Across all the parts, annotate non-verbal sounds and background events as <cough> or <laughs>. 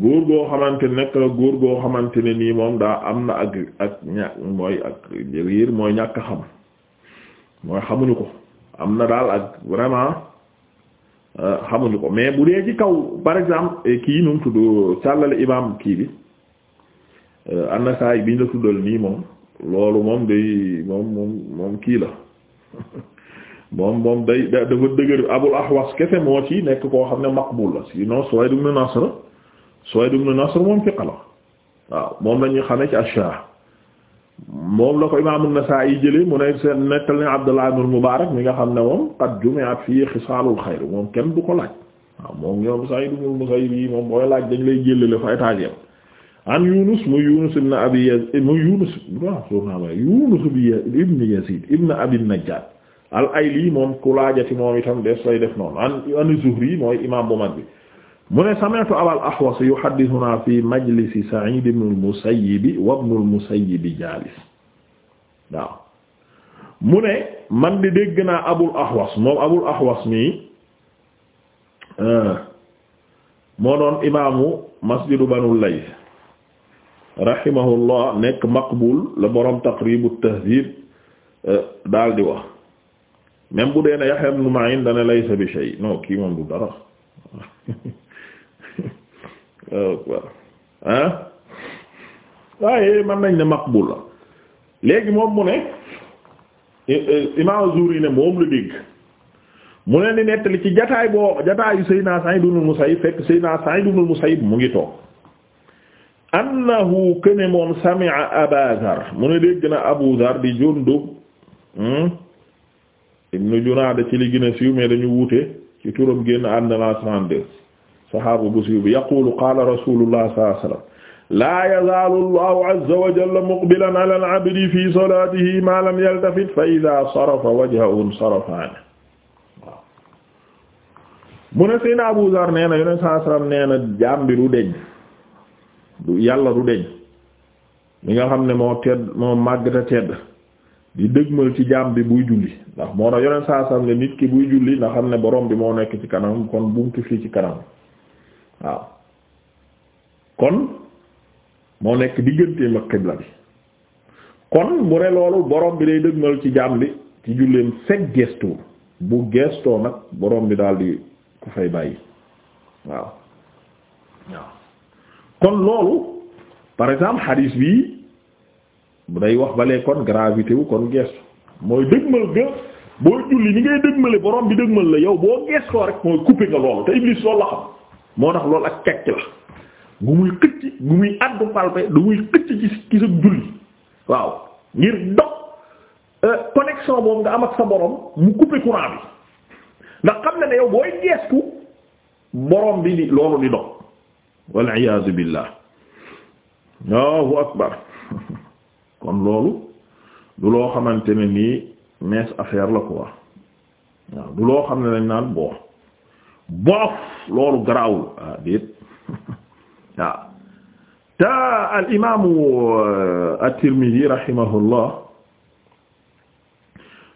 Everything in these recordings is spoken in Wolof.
góor goo xamante ne nekk góor goo xamante ne nii moom daa am na ak ak ña mooy ak riir mooy ñàkk xam mooy xamuñu ko am na daal ak vraiment euh, xamuñu ko mais bu dee ci kaw par exemple eh, kii nu mu tudd càllale imaam kii bi euh, annasaay biñ la tuddal nii moom loolu moom day moom moom moom kii la <laughs> moom moom day dafa dëgër abul ahwas kese moo ci nekk koo xam ne maqbul la sinon sooy du mu nasra Suwayd ibn Nasr moom fiqa la waaw moom lañuy ñuy ci ash-Shaah moom la ko imaam an-Nasaa'i jëlee mu ne seen ne Abdullah ibn al-Mubaarak mi nga xam ne moom qad jumi'at fii xisaalul xayr moom kenn du ko laaj waaw moom ñoom Sa'iid ibn al laaj dañ lay jëlale fa étagère an Yunus mu Yunus ibn Abi Yaziid eh, mu Yunus waaw soo naa ma Yunus ibn Yaziid ibn Abi Najjaad al-Ayli moom ku laajati moom itam des lay def noonu an an Zuhri mooy imaam bu mag bi mu ne sami'tu abal ahwas yuhaddithuna fi majlisi sa'id ibn al-musayyib wa ibn al-musayyib jalis waaw mu ne man di dégg naa abul ahwas moom abul ahwas mii euh, moo doon imaamu masjidu banul layth rahimahullah nekk maqbul la borom taqrib at-tahdhib euh, daal di wax même bu dee ne Yahya ibn Ma'in dana laysa bi shay non kii moom du dara <laughs> Oh, waaye man nañ ne maqbul la léegi moom mu ne imam Zuhri ne moom la dégg mu ne ni nettali ci jataay boo jataayu Seydina Sa'id ibn Musayyib fekk Seydina Sa'id ibn Musayyib mu ngi toog annahu kene moom sami'a Aba Zar mu ne dégg na Abu Zar di Jundub hmm? ibn Junaada ci li gën siiw mais dañu wuute ci turam génn ànd na 32 sahaaba bu siiw bi yaqulu qala rasulullah sallallahu alayhi wasallam laa yazaalu allahu azza abdi fi salaatihi ma lam yaltafit fa idha sarafa wajhahu insarafa anhu mu ne Seydina Abu Zarr nee na yonent sallallahu nee na jaam bi du deñ yàlla du deñ mi nga xam ne moo tedd moo màgg te tedd di dëgmal ci jaam bi buy julli ndax moo tax yonent sallallahu ne nit ki buy julli nga xam ne boroom bi moo nekk ci kanam kon bu mu ci fii ci kanam waaw kon moo nekk digganteem ak xibla bi kon mu ne loolu borom bi day dëgmal ci jaam bi ci julleem fekk gestu bu gestoo nag boroom bi daal di ku fay bàyyi waaw waaw kon loolu par exemple hadis bi day wax balee kon gravité wu kon gestu mooy dëgmal ga boo julli ni ngay dëgmale borom bi dëgmal la yow boo gestoo rek mooy coupé nga loolu te Iblis loolu la xam moo tax loolu ak kacc la gu muy xëcc gu muy addu palpe du muy xëcc ci sa julli waaw ngir dox euh, connexion boobu nga am ak sa borom mu couper courant bi ndax xam na ne booy geestu borom bi di loolu di dox wal iyaazu billah Allahu akbar <laughs> kon loolu du loo xamante ne nii mees affaire la quoi waaw du loo xam ne dañ naan boo boof loolu garaawul ah déet <laughs> waaw te al imaamu euh, at-Tirmidhi rahimahullah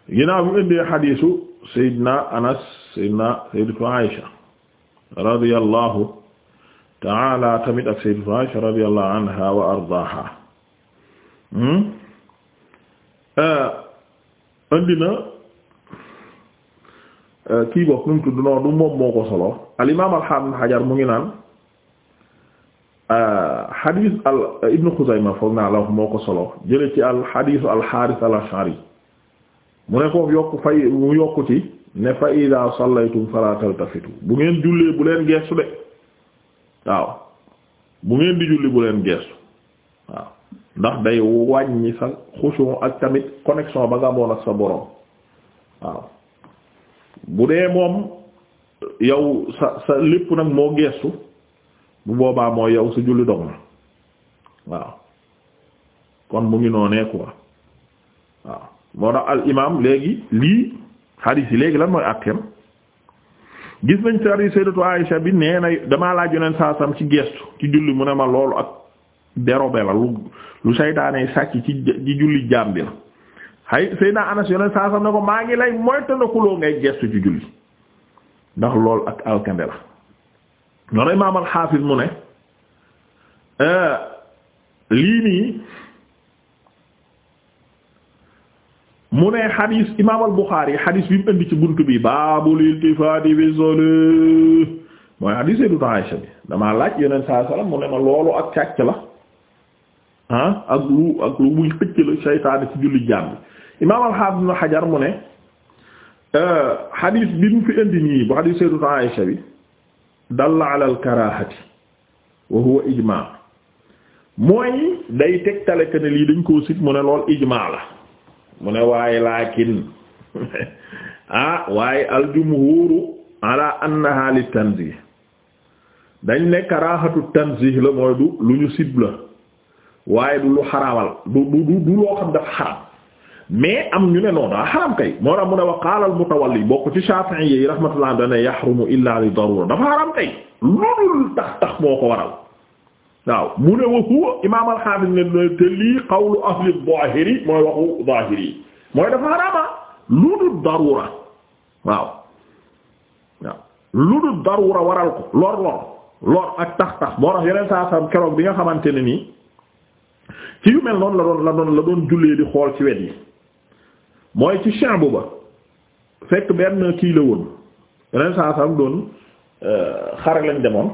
ginnaaw bi mu indee xadiisu Seydina Anas Seydina Sayyidatu Aïsha radiyallahu ta'ala tamit ak Sayyidatu Aïsha radiyallahu anha wa ardaaha hmm? euh, indi na Euh, kii bopp nu mu noonu moom moo ko solo al imaam xajar mu ngi naan xadiis euh, al euh, ibnu Xuzayma foog naa la wax moo ko solo jële ci al xadiisu al xaaris al ashari mu ne foofu yokk ne fa idaa sallaytum falaa taltafitu bu ngeen jullee bu leen geestu de waaw bu ngeen di julli bu leen geestu waaw ndax day wàññi sa xusu ak tamit connexion ba nga ak sa boroom waaw bu dee moom yow sa sa lépp nag moo geestu bu boobaa mooy yow sa julli dog na waaw kon mu ngi noonee quoi waaw moo tax al imaam léegi lii hadith yi léegi lan mooy àtteem gis nañ sari sayyidatu Aisha bi nee na damaa laaj yoneen saasam ci gestu ci julli mu ne ma loolu ak dérobe la lu lu saytaanee sàcc ci julli jaam la hay Seydina Anas yoneen saa sam ne ko maa ngi lay moytandikuloo ngay gestu ci julli ndax lool ak alkande la ñoona imaam al mu ne eh, lii nii mu ne xadiis imaam al-Bukhari xadiis bi mu indi ci bunt bi baabul iltifaati fi sole mooy xadiis Sayyidatu Aisha bi damaa laaj yoneen saa sallam mu ne ma loolu ak càcc la ah, ak lu ak lu muy xëcc la seytaane ci julli jaam imaam al-Hafiz Ibn Hajar mu ne euh, xadiis bi mu fi indi nii bu xadiis Sayyidatu Aïsha bi dalla ala al-karaahati wa huwa ijmaa mooy day tegtale que ne lii dañ koo sit mu ne lool ijmaa la mu ne waaye laakin <laughs> ah waaye al-jumhuuru ala annaha litanziih dañ ne karaahatu tanziih la mooy du lu ñu sib la waaye du lu xaraamal du du du loo xam dafa xaram mais am ñu ne noon daa xaram kay moo tax mu ne wa qaala al mutawalli bokk ci Shafi'i yi rahmatullah dana moo ko waral waaw mu ne wa huwa imaam al-Hafiz ne te lii yi waral ko lor lor lor ak tax keroog bi nga xamante ne nii ci yu mel noonu la doon la doon la doon jullee di xool ci wet yi mooy ci chambre ba fekk benn kii la woon yeneen saa sam doon euh, xare lañ demoon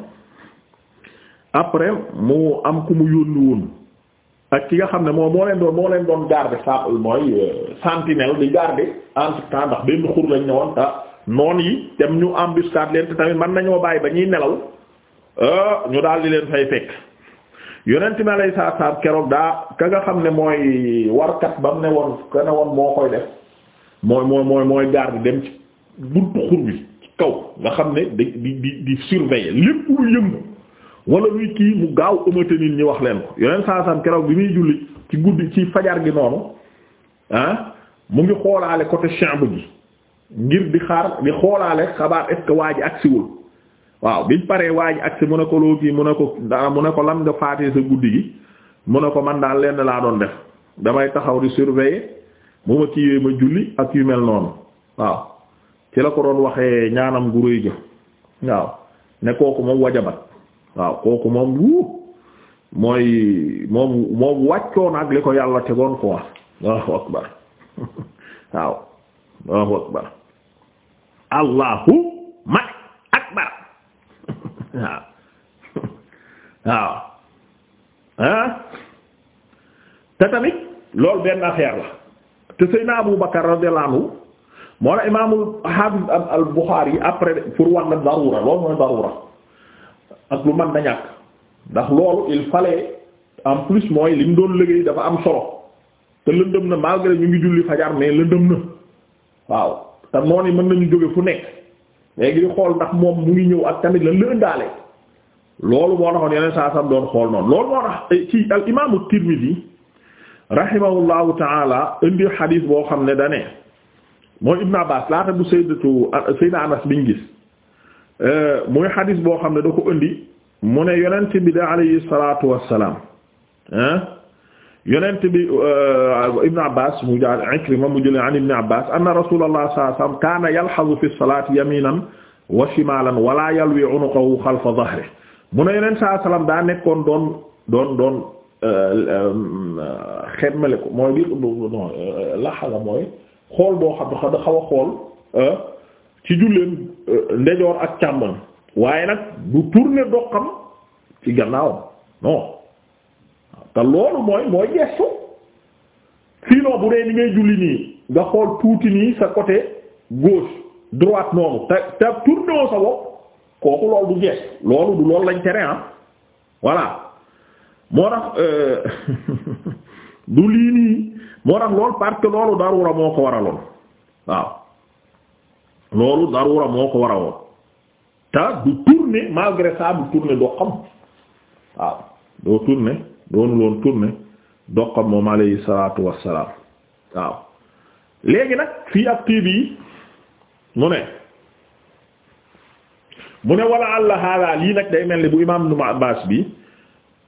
après mu am ku mu yónni woon ak ki nga xam ne moom moo leen doon moo leen doon garder sa mooy euh, sentinelle di garder entre temps ndax benn xur lañ ne woon ah noon yi dem ñu embuscade leen te tamit mën nañoo bàyyi ba ñuy nelaw euh, ñu daal di leen fay fekk. yonent mi alayhi salaatu salaam keroog daa ka nga xam ne mooy warkat ba mu ne woon ka ne woon moo koy def mooy mooy mooy mooy gaar bi dem ci buntu xur bi ci kaw nga xam ne di di di surveiller lépp lu yëngu wala luy kii mu gaaw ëmmate nit ñi wax leen ko yonent saa saam keroog bi muy julli ci guddi ci fajar gi noonu ah mu ngi xoolaale côté chambre gi ngir di xaar di xoolaale xabaar est waa ji agsiwul waaw bi paree waa ji agsi mu ne ko loo kii mu ne ko dara mu ne ko lan nga faatee sa guddi gi mu ne ko man daal lenn laa doon def damay taxaw di surveiller mu ma kiiwee ma julli ak yu mel noonu waaw ci la ko doon waxee ñaanam gu rëy ga waaw ne kooku moom wajabat waaw kooku moom wuu mooy moom moom wàccoon ak li ko yàlla tegoon quoi allahu akbar <laughs> waaw allahu akbar allahu <laughs> waaw waaw ah te tamit loolu benn affaire la te Seydina Abu Bakar radiyallahu anhu moo la imaamul Hafiz al Bukhari après pour wax na darura loolu mooy darura ak lu man na ñàkk ndax loolu il fallait en plus mooy li mu doon liggéey dafa am solo te lëndëm na malgré ñu ngi julli fajar mais lëndëm na waaw te noonu mën nañu jóge fu nekk. léegi di xool ndax moom mu ngi ñëw ak tamit la lën daale loolu moo taxoon yeneen saa sam doon xool noonu loolu moo tax ci al imaamu Tirmidhi rahimahullahu taala indi xadiis boo xam ne dane moo Ibn Abbas laa bu sayyidatu sayyida Anas biñ gis muy xadiis boo xam ne da ko indi mu ne yonent bi da alayhi salaatu wassalaam ah yonent bi euh, Ibn Abbas mu jaar Ikrima mu jëlee an Ibn Abbas anna Rasulullah sallallahu alayhi wasallam kaana yalhazu fi salaati yaminan wa shimalan wala yalwi unuqahu xalfa zahrihi mu ne yonent sallallahu alayhi wasallam daa nekkoon doon doon doon euh, euh, xemmele ko mooy biir non laxala mooy xool boo xam ne xaw a xool ci julleen ndejoor ak càmmoñ waaye nag du tourner doxam ci gannaawam non. te loolu mooy mooy gestu sinon bu dee ni ngay julli nii nga xool tuuti nii sa côté gauche droite noonu te te tourné woo sa bopp kooku loolu du gestu loolu du loolu lañ tere ah voilà moo tax euh, <laughs> du lii nii moo tax loolu parce loolu darura moo ko waraloon waaw loolu darura moo ko waraloon te du tourné malgré ça du doo xam waaw doo tourné. doonu loon tourné doqam moom alayhi salaatu wassalaam waaw léegi nag fii ak tiib yi mu ne mu ne wala àll haadaa lii nag day mel ni bu imaam Ibn Abbaas bi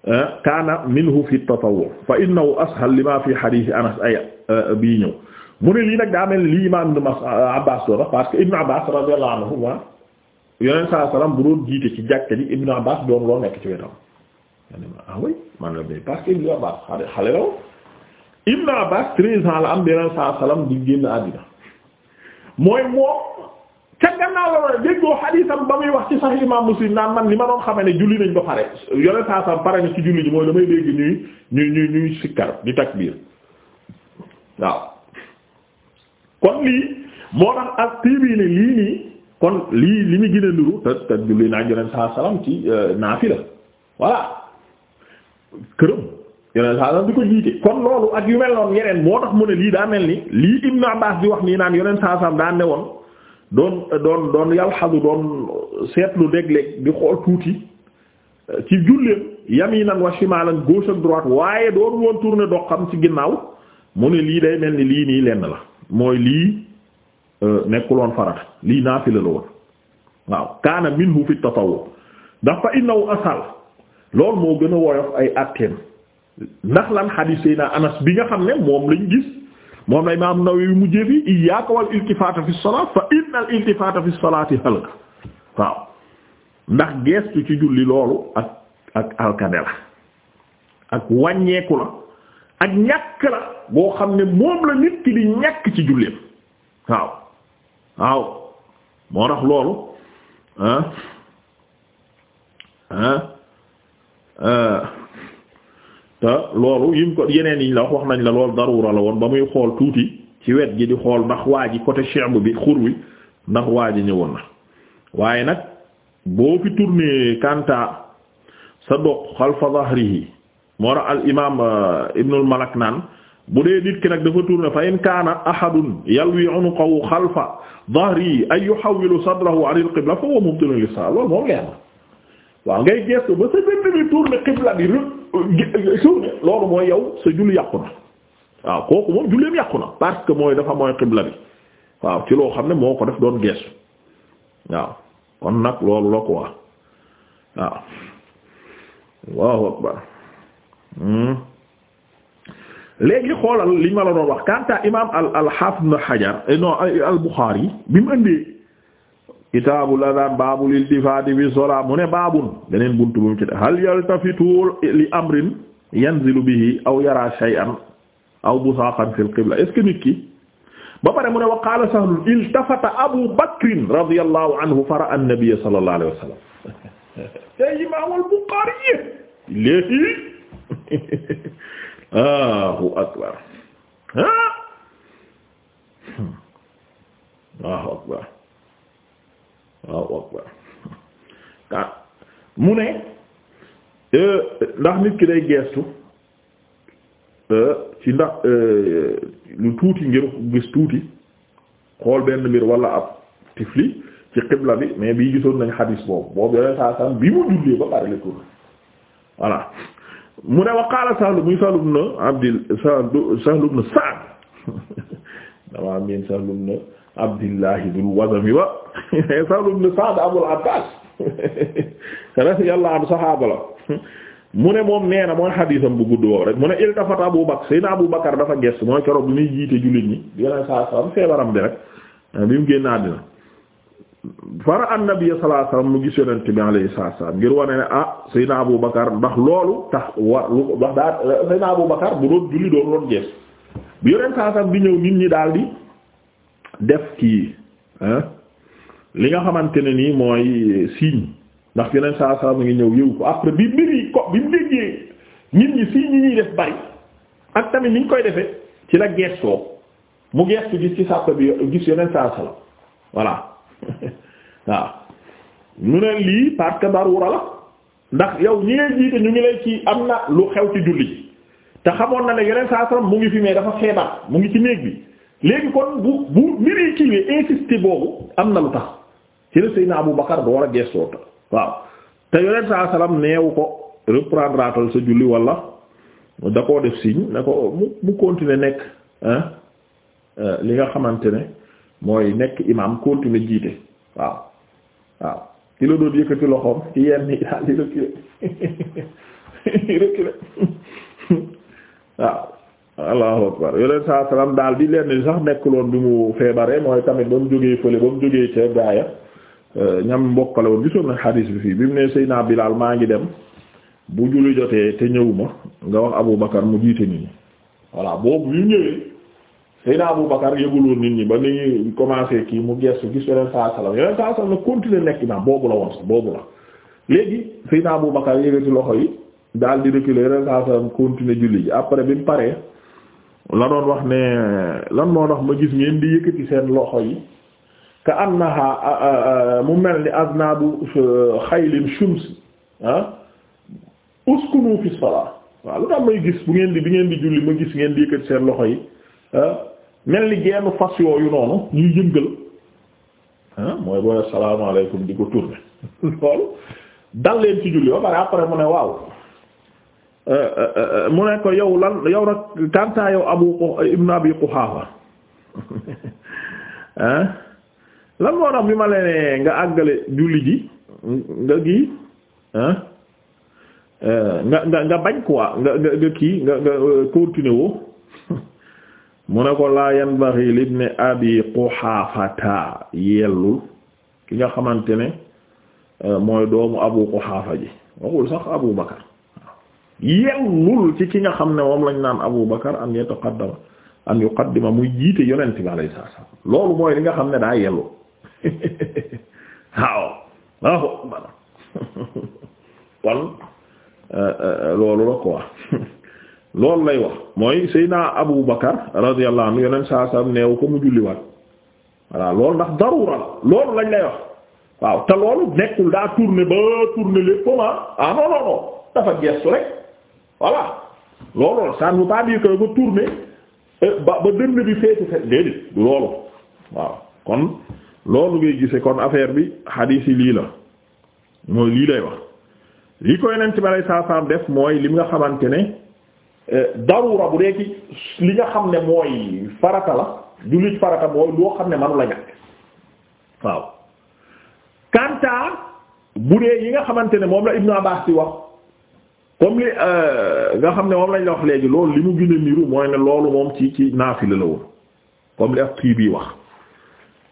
eh, kaana minhu fi tatawwu fa innahu ashal lima fi hadiisi Anas ay eh, bii ñëw mu ne lii nag daa mel ni lii imaam Ibn eh, Abbaas doon parce que Ibn Abbaas radiyallahu anhu yeneen saa salaam bu doon jiite ci jàkka ji Ibn Abbaas doon loo nekk ci wetam. ma ne ma ah man la mais parce que Ibn Abbas xale ans la am beneen saa salaam di génn àddina mooy moom ca gannaaw la war a déggoo xadiisam ba muy wax ci sax imaam Muslim naan man li ma doon xamee ne julli nañ ba pare yore saa salaam pare na ci julli ji mooy damay dégg ñuy ñuy ñuy sikkar di takbiir waaw kon lii moo tax ak tiibii ne lii nii kon lii li ñu gën a niru te julli naa yore saa salaam ci euh, naafila voilà. këram yeneen saa salaam di ko jiite kon loolu ak yu mel noonu yeneen moo tax mu ne lii daa mel ni lii Ibnu Abbaas di wax nii naan yeneen saa salaam daa ne woon doon doon doon yalxadu doon seetlu dégleeg di xool tuuti eh, ci julleem yaminan wa shimalan gauche ak droite waaye doon woon tourner doxam ci ginnaaw mu ne lii day mel ni lii nii lenn la mooy lii eh, nekkuloon farata lii naafila la woon waaw kaana minhu fi tatawwu ndax fa asal loolu moo gën a woyof ay atteem ndax lan xadiis Seydina Anas bi nga xam ne moom lañ gis moom la imaam Nawawi mujjee fi iyyaaka wal iltifaata fi salaat fa inna al iltifaata fi salaati halaka waaw ndax geestu ci julli loolu ak ak la ak wàññeeku la ak ñàkk la boo xam ne moom la nit ki di ñàkk ci julleem waaw waaw moo tax loolu ah, ah te loolu yim ko yeneen yiñ la wax wax nañ la lool darura la woon ba muy xool tuuti ci wet gi di xool ndax waa ji côté chimb bi xur wi ndax waa ji ñëwoon na waaye nag boo fi tourné kanta sa doq xalfa zahrihi moo tax al imaam euh, ibnul malak naan bu dee nit ki nag dafa tourné fa in kaana ahadun yalwi unuqahu xalfa zahrihi ay yuhawwilu sadrahu an al qibla fa huwa mubtilun lis-salah moom leer na waaw ngay gestu ba sa benn bi tourner xibla bi rë euh, tourner loolu mooy yow sa julli yàqu na waaw kooku moom julleem yàqu na parce que mooy dafa mooy xibla bi waaw ci loo xam ne moo ko def doon gestu waaw kon nag loolu la quoi waaw Allahu akbar hmm. léegi xoolal li ma la doon wax kanta imaam al al Hafiz Ibn Hajar eh, non bi mu ëndee kitaabul adaan baabul iltifaati bi solaa mu ne baabun beneen buntu bu mu ci def hal yaltafitu li amrin yanzilu bihi aw yara shay'an aw busaaqan fil qibla est-ce que nit ki ba pare mu ne wa qaala sahlun iltafata abu bakrin radiyallahu anhu fara an-nabiy sallallahu alayhi wa sallam <laughs> te imaamul Buxaari léegi <laughs> Allahu akbar ah mu ne euh, ndax nit ki day geestu euh, ci ndax euh, lu tuuti ngir gis tuuti xool benn mbir wala ab tifli ci xibla bi mais bii gisoon nañ xadiis boobu boobu yooyu saa bi mu jullee ba pare la tourné mu ne wa qaala Sahl muy Sahl ibn Abdil Sahl Sahl <laughs> damaa miin Sahl ibn Abdillahi dul Wazami wa <laughs> Sahl ibn Sa'd Abul Abbas <laughs> radiyallahu anhu saxaaba la mu ne moom nee na mooy xadiisam bu gudd boobu rek mu ne iltafata Abu Bakr Seydina Abu Bakar dafa gest mooy keroog bi muy jiite jullit ñi yeneen saa saa rek mu gis yonent ngir wane ne ah Seydina Abu Bakar ndax loolu tax war lu ndax daa Seydina Abu Bakar bu doon julli doon loon gest bi yonent saa bi ñëw nit ñi daal di def kii ah, li nga xamante ne nii mooy signe. ndax yeneen saa saa mu ngi ñëw yëw ko après bi mbir ko bi mu déggee nit ñi fii ñuy def bari ak tamit niñ koy defee ci la gestoo mu gestu gis ci sàpp bi gis yeneen saa saa la voilà <laughs> waaw ñu ne lii parce que darura la ndax yow ñi ngay jiite ñu ngi lay ci am na lu xew ci julli ji te xamoon na ne yeneen saa saa mu ngi fi mais dafa feebar mu ngi ci néeg bi léegi kon bu bu mbir yi kiiwee boobu am na lu tax ci la Seydina Abu Bakar bu war a gestoo waaw te yonent saa salaam neewu ko reprendre sa julli wala da koo def signe ne ko mu mu continuer nekk euh, li nga xamante ne mooy nekk imam continuer jiite waaw waaw ki doon yëkkati loxoom ci yenn yi daal di reculer <laughs> reculer <laughs> waaw allahu akbar yonent saa salaam daal di leen sax nekkuloon bi mu feebaree mooy tamit ba mu jógee fële ba mu jógee ca ñam mbokkale woon gisoon na xadiis bi fii bi mu ne Seydina Bilaal maa ngi dem bu julli jotee te ñëwuma nga wax Abu Bakar mu jiite nit ñi voilà boobu bi mu ñëwee Seydina Abu Bakar yëguloon nit ñi ba ni commencé kii mu gestu gis yeneen saa salaam yeneen saa salaam continuer nekk imaam boobu la woon sax boobu la léegi Seydina Abu Bakar yëgati loxo yi daal di reculer yeneen saa salaam continuer julli ji après bi mu paree la doon wax ne lan moo tax ma gis ngeen di yëkkati seen loxo yi. ka annaha mu mel ni aznabu euh, xaylin shumsi ah uskunu fi salaa waaw lu tax may gis bu ngeen di bi ngeen di julli ma gis ngeen di yëkkati seen loxo yi ah, mel ni genn fas yooyu noonu ñuy yëngal ah, mooy booy asalaamaaleykum di ko tourner <laughs> loolu dal leen ci julli ba pare après mu ne waaw euh, euh, mu ne ko yow lan yow nag kantaa yow abu ibn abi quhaafa <laughs> ah, lan moo bi ma leen nga àggale julli ji nga gi ah nga nga nga bañ quoi nga nga kii nga nga euh, continuer <laughs> mu ne ko laa yanbaghi li ibn abi quhaafata yellul ki nga xamante ne euh, mooy doomu abu quhaafa ji waxul sax abu bakar yellul ci ki nga xam ne moom lañ naan abu bakar an yataqaddama an yuqaddima muy jiite yonent bi alayhi salaam loolu mooy li nga xam ne daa yellul <laughs> waaw kon euh, euh, loolu la ko wax <laughs> loolu lay wax mooy Seydina Abu Bakar radiyallahu anhu yeneen saa saa neew ko mu julliwaat voilà loolu ndax darura loolu lañ lay wax waaw te loolu nekkul daa tourner ba tourner lépp comment ah non non dafa gestu rek voilà loolu ça ne veut pas dire que ba tourner euh, ba ba dënn bi feetu fet déedéet du loolu waaw kon loolu ngay gise kon affaire bi xadiis yi lii la mooy lii lay wax li koy neen ci balay saasaam def mooy li nga xamante ne eh, darura bu dee ci li nga xam ne mooy farata la jullit farata mooy loo xam ne manu la bu dee yi nga xamante ne moom la Ibnu Abbas ci wax comme li eh, xam ne moom lañ la wax léegi loolu li mu gën a niru mooy ne loolu moom ci ci naafila la woon comme li ak tii bii wax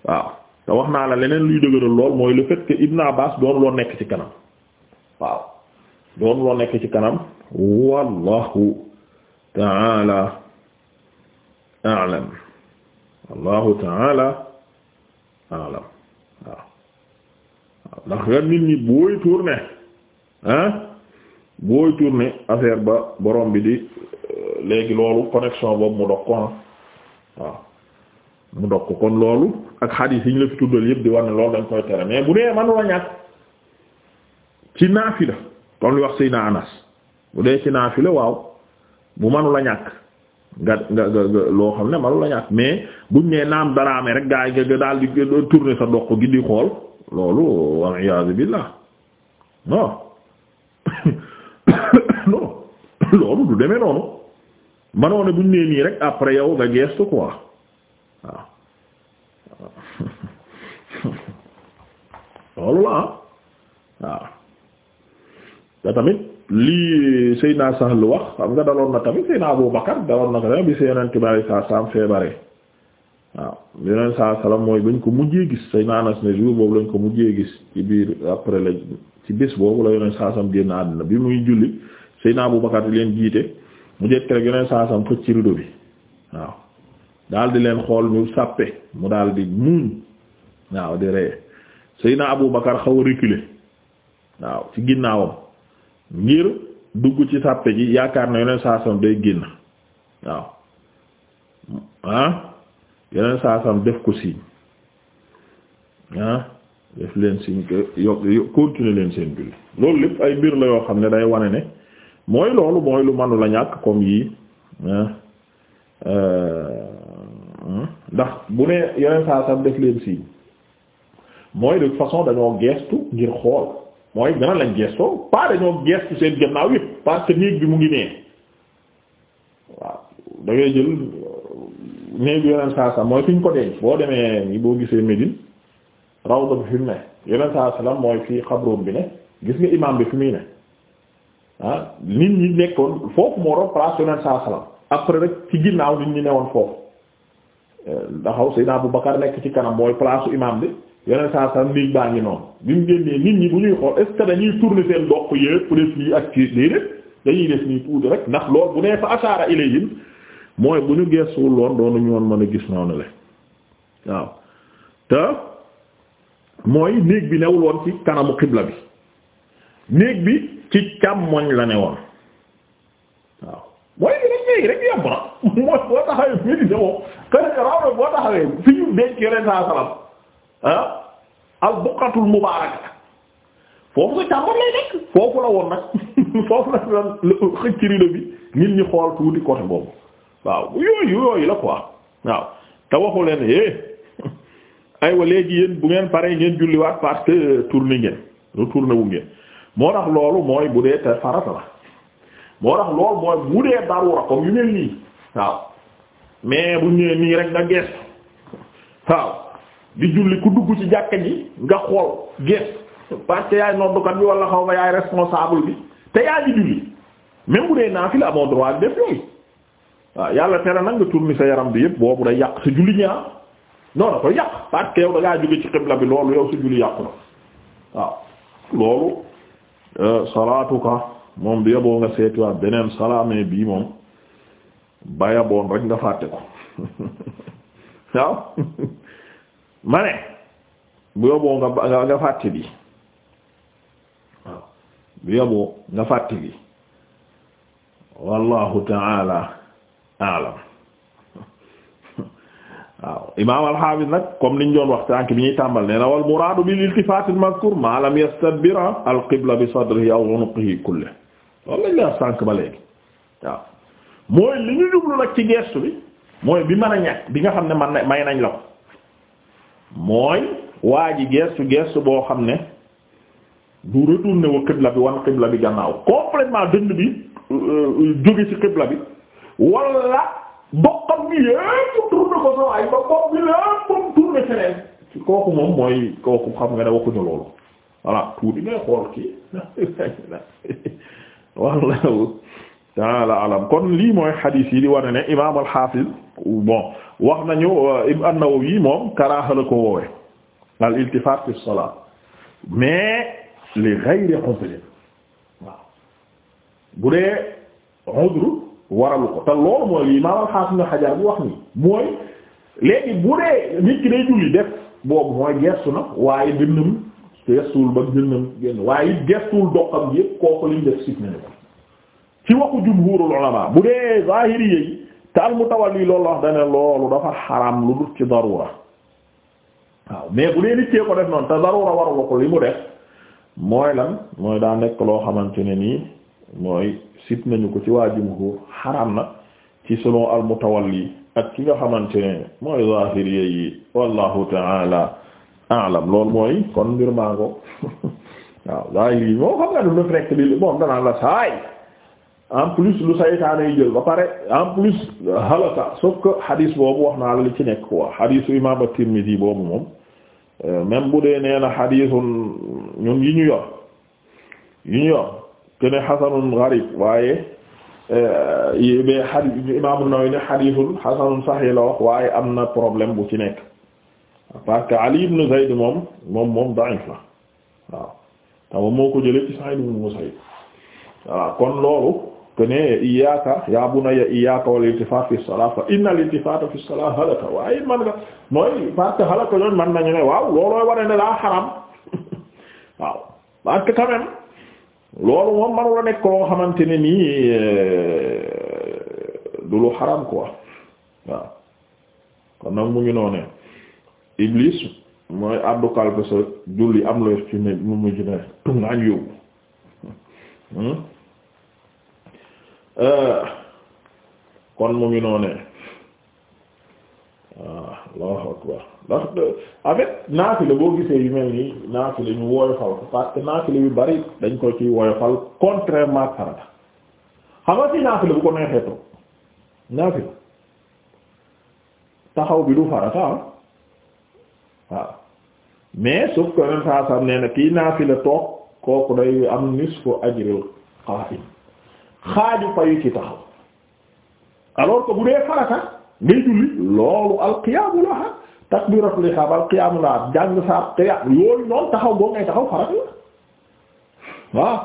waaw te wax naa la leneen luy dëgëral lool mooy le fait que Ibn Abbas doon loo nekk ci kanam waaw doon loo nekk ci kanam wallahu taala waaw waaw ndax nga nit ñi booy tourner hein booy tourner affaire ba borom bi di euh, léegi loolu connexion boobu mu dox ko waaw mu dog kon loolu ak xadiis yi ñu la fi tuddal yëpp di war ne loolu dañ koy tere mais bu dee manu la ñàkk ci naafila kon li wax Seydina Anas bu dee ci naafila waaw bu manu la ñàkk nga nga nga loo xam ne manu la ñàkk mais buñ nee naam dara rek gaa yi nga daal di tourner sa doq gi di xool loolu wal iyaazu billaah non <coughs> non <coughs> loolu du demee noonu manoon buñ nee nii rek après yow nga geestu quoi. waaw <laughs> loolu la waaw te tamit lii Seydina Sahl wax xam nga daloon na tamit Seydina Abu Bakar daloon na ko tamit bi si Yonent bi alayhi salaam feebaree waaw Yonent saa salaam mooy bañ ko mujjee gis Seydina Anas lañ ko mujjee gis ci biir après la ci bés boobu la Yonent saa salaam génn àddina bi muy julli Seydina Abu Bakar di leen jiite mu rek Yonent saa salaam fëcc ci rido bi waaw. daal di leen xool ñu sàppe mu daal di muuñ waaw di ree Seydina Abu Bakar xaw a waaw ci ginnaawam ngir dugg ci sàppe ji yaakaar na yeneen saasam day génn waaw ah yeneen saasam def ko signe ah def leen signe que yo- continuer leen seen julli loolu lépp ay mbir la yoo xam ne day wane ne mooy loolu mooy lu manu la ñàkk comme yii ah, euh, Hmm? ndax bu ne yeneen saa sam def leen siiñ mooy de façon dañoo geestu ngir xool mooy gën a lañ geestoo pas dañoo geestu seen gannaaw yëpp parce que néeg bi mu ngi nee waaw da ngay jël euh, néeg bi saa sam mooy fi ñu ko boo demee boo gisee Médine rawda bi fi mu ne mooy fii bi gis nga imam bi fi muy ne ah, nit ñi nekkoon foofu moo doon place yeneen saa salaam après rek ci ginnaaw nit ñi newoon foofu. ndaxaw Seydina Abu Bakar nekk ci kanam mooy place imam bi yeneen saa saa néeg baa ngi noonu bi mu génnee nit ñi bu ñuy xool est dañuy tourner seen doq yëpp def lii ak ci lii rek dañuy def nii tuuti rek ndax lool bu nee fa ashaara ilayhim mooy bu ñu geesuwul woon doonuñu woon mën a gis noonu le waaw te mooy néeg bi newul woon ci kanamu xibla bi néeg bi ci càmmoñ la ne woon waaw mooy bi nag léegi rek yomb na <laughs> mooy boo taxawee Médina moom xëy na denc yoneen saa salaam ah al buqatul mubaaraka foofu sa càmbar lay nekk foofu la woon nag <laughs> foofu la xëcc rido bi nit ñi xool tuuti côté boobu waaw yooyu yooyu la quoi waaw te waxu leen eh <laughs> aywa léegi yéen bu ngeen paree ngeen julliwaat parce que tourné ngeen retourné wu ngeen moo tax loolu mooy bu dee te farata la. moo tax loolu mooy bu dee darura comme yu mel nii waaw mais bu ñëwee nii rek nga gees waaw di julli ku dugg ci jàkka ji nga xool gees parce que yaay noddukat bi wala xaw ma yaay responsable bi te yaa ngi julli même bu dee naafila amoo droit def yooyu waaw yàlla tere nag nga tourner sa yaram bi yëpp boobu day yàq sa julli ñaar non da koy yàq parce que yow da ci xibla bi loolu yow sa julli yàqu na waaw loolu euh, salaatuka moom bi yaboo nga seetiwaat beneen salaamee bii moom ba yaboon rek nga fàtte ko <laughs> waaw ma ne bu nga nga bi waaw bu yaboo nga fàtte bi wallahu taala alam <laughs> waaw imaam alxaafis nag comme niñ doon wax bi ñuy tàmbal nee na wal muraadu bil iltifaatil mazkuur maa lam yastadbira al qibla bi sadrihi aw unuqihi kullihi loolu lañ la sànk ba léegi waaw mooy li ñu jublu nag ci gestu bi mooy bi mën a ñàkk bi nga xam ne man may nañ la ko mooy waa ji gestu gestu boo xam ne du retourné wa xibla bi wan xibla bi gannaaw complètement dënd bi euh, euh, jóge ci xibla bi wala bokkam bi yépp tourné ko sa waay bokkam bi yépp moom tourné kooku moom mooy kooku xam nga ne waxuñu loolu voilà tuuti ngay xool kii <laughs> wallahu taala alam kon lii mooy xadiis yi di wane ne imaam al-Hafiz wax nañu an-Nawawi moom karaaha la ko woowe al-iltifaat fi salaat mais li ghayri udr waaw bu dee udr dee nit ki day julli def boobu mooy gersu na waaye dënnam gestuwul ba gënnam génn waaye it gestuwul doxam yépp kooku liñ def sit nañu ko ci waxu jumhurul ulama bu dee zahiri yi te al mutawalli loolu wax dane loolu dafa xaram lu dul ci darura waaw mais bu dee nit ko def noonu te darura warula ko li mu def mooy lan mooy daa nekk loo xamante ne nii mooy sit nañu ko ci waa jumhur xaram na ci selon al mutawalli ak ki nga xamante ne mooy zahiri yi wallahu ta'ala alam loolu mooy kon mbir maa ko <laughs> waaw waaye lii moom xam nga du def rekk li moom danaan la saay en plus lu saytaanay jël ba pare en plus halaka sauf que hadis boobu wax naa la li ci nekk quoi hadisu imam at-Tirmidhi boobu moom euh, même bu dee nee na hadisun yi ñu yor yi ñu yor te ne hasanun waaye ba euh, hadis imam an-Nawawi ne hadisul la wax waaye am na problème bu ci nekk parce que Ali ibn Zayd moom moom moom da'if la waaw tawa moo ko jëlee ci Sa'id ibn Musayyib kon loolu te ne iyyaka ya bunayya iyyaka wal iltifat fi salat fa inna al iltifata fi salat halaka waaye man nga mooy parce que halaka nañu ne waaw loolooy waree ne daa <laughs> loolu moom manu la nekk xamante ne nii euh, du lu xaram quoi waaw kon nag mu ngi noonee Iblis mooy àddu kalpe sa julli am loo ci ne mu mujj ne tungaañ yóbbu hmm? euh, kon mu ngi noonee waaw ah, Allahu akbar ndax avec naafile boo gisee yu mel nii naafile ñu woyofal ko parce que naafile yu bari dañ ko ci woyofal contrairement farata xam nga ci naafile bu ko neexee toog naafile taxaw bi du farata ah. waaw mais sauf que ren saa sam nee kii naafila toog kooku day am nisfu ajril qaa'im xaaju fayu ci taxaw alors que bu dee farata ngay julli loolu alqiyaamu laha takbiratul ihraam alqiyaamu laha jàng saa qiyaam yooyu noonu taxaw boo ngay taxaw farata la waaw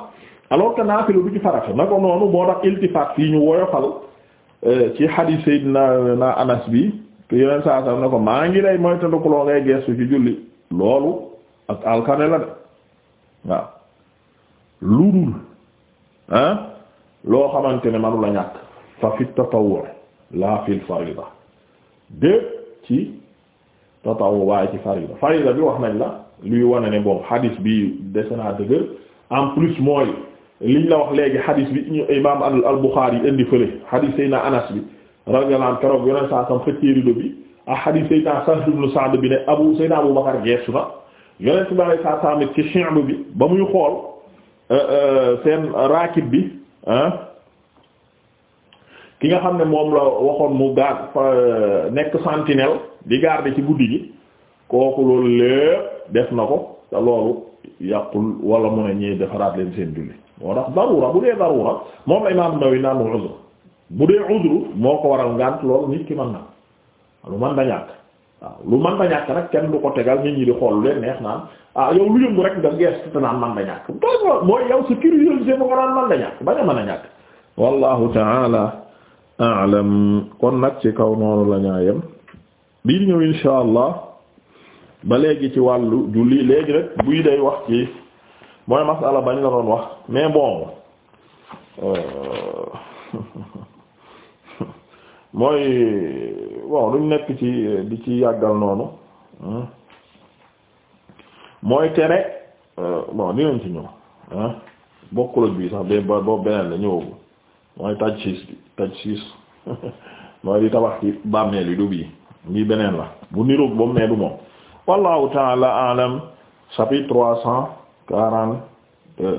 alors que naafila du ci farata na ko noonu moo tax iltifaat fii ñu woyofal eh, ci hadith sayyidina Anas bi. yeneen saa saa ne ko maa ngi lay moytandiku loo ngay gestu ci julli loolu ak alkane la de waaw lu dul ah loo xamante ne manu la ñàkk fa fi tatawwu la fil farida de ci tatawwu waaye ci farida farida bi wax nañ la luy wane ne boobu hadis bi dese naa dëgër en plus mooy liñ la wax léegi hadis bi ñu imam al yi indi fële hadis Seydina Anas bi radiyallahu anhu keroog yoneen saa sam xëccee rido bi ak hadith Seydina Sahl ibn Sa'd bi ne Abu Seydina Abu Bakar geesu na yonent bi alei saa salamit ci chi'b bi ba muy xool euh, euh, seen raakib bi ki nga xam ne moom la waxoon mu gaar euh, nekk sentinelle di garder ci guddi gi kooku loolu lépp def na ko te loolu yàqul wala mun a ñëw defaraat leen seen julli moo tax darura bu dee darura moom la imaam Nawawi naan uzr bu dee udru moo ko waral ngànt loolu nit ki mën na lu mën da ñàkk waaw lu mën da ñàkk nag kenn du ko tegal nit ñi di xool lu leen neex naan ah yow lu yëngu rek nga gees te naan mën da ñàkk bañ a mën a ñàkk wallahu ta'ala a'lam kon nag ci kaw noonu la ñaa yem ñëw insha allah ba léegi ci wàllu julli léegi rek buy day wax ci mooy masala bañ la doon wax mais boobu euh, mooy bon luñ nekk ci di ci yàggal noonu hmm, mooy tere euh, bon dinañ ci ñëw ah bokkul ak bii sax beneen la ñëwagul mooy tajsiis bi tajsiis <laughs> mooy di tabax ci bàmmeel du bii bii beneen la bu niroog ba mu ne du moom wallahu ta'ala a'lam chapitre trois cent quarante-deux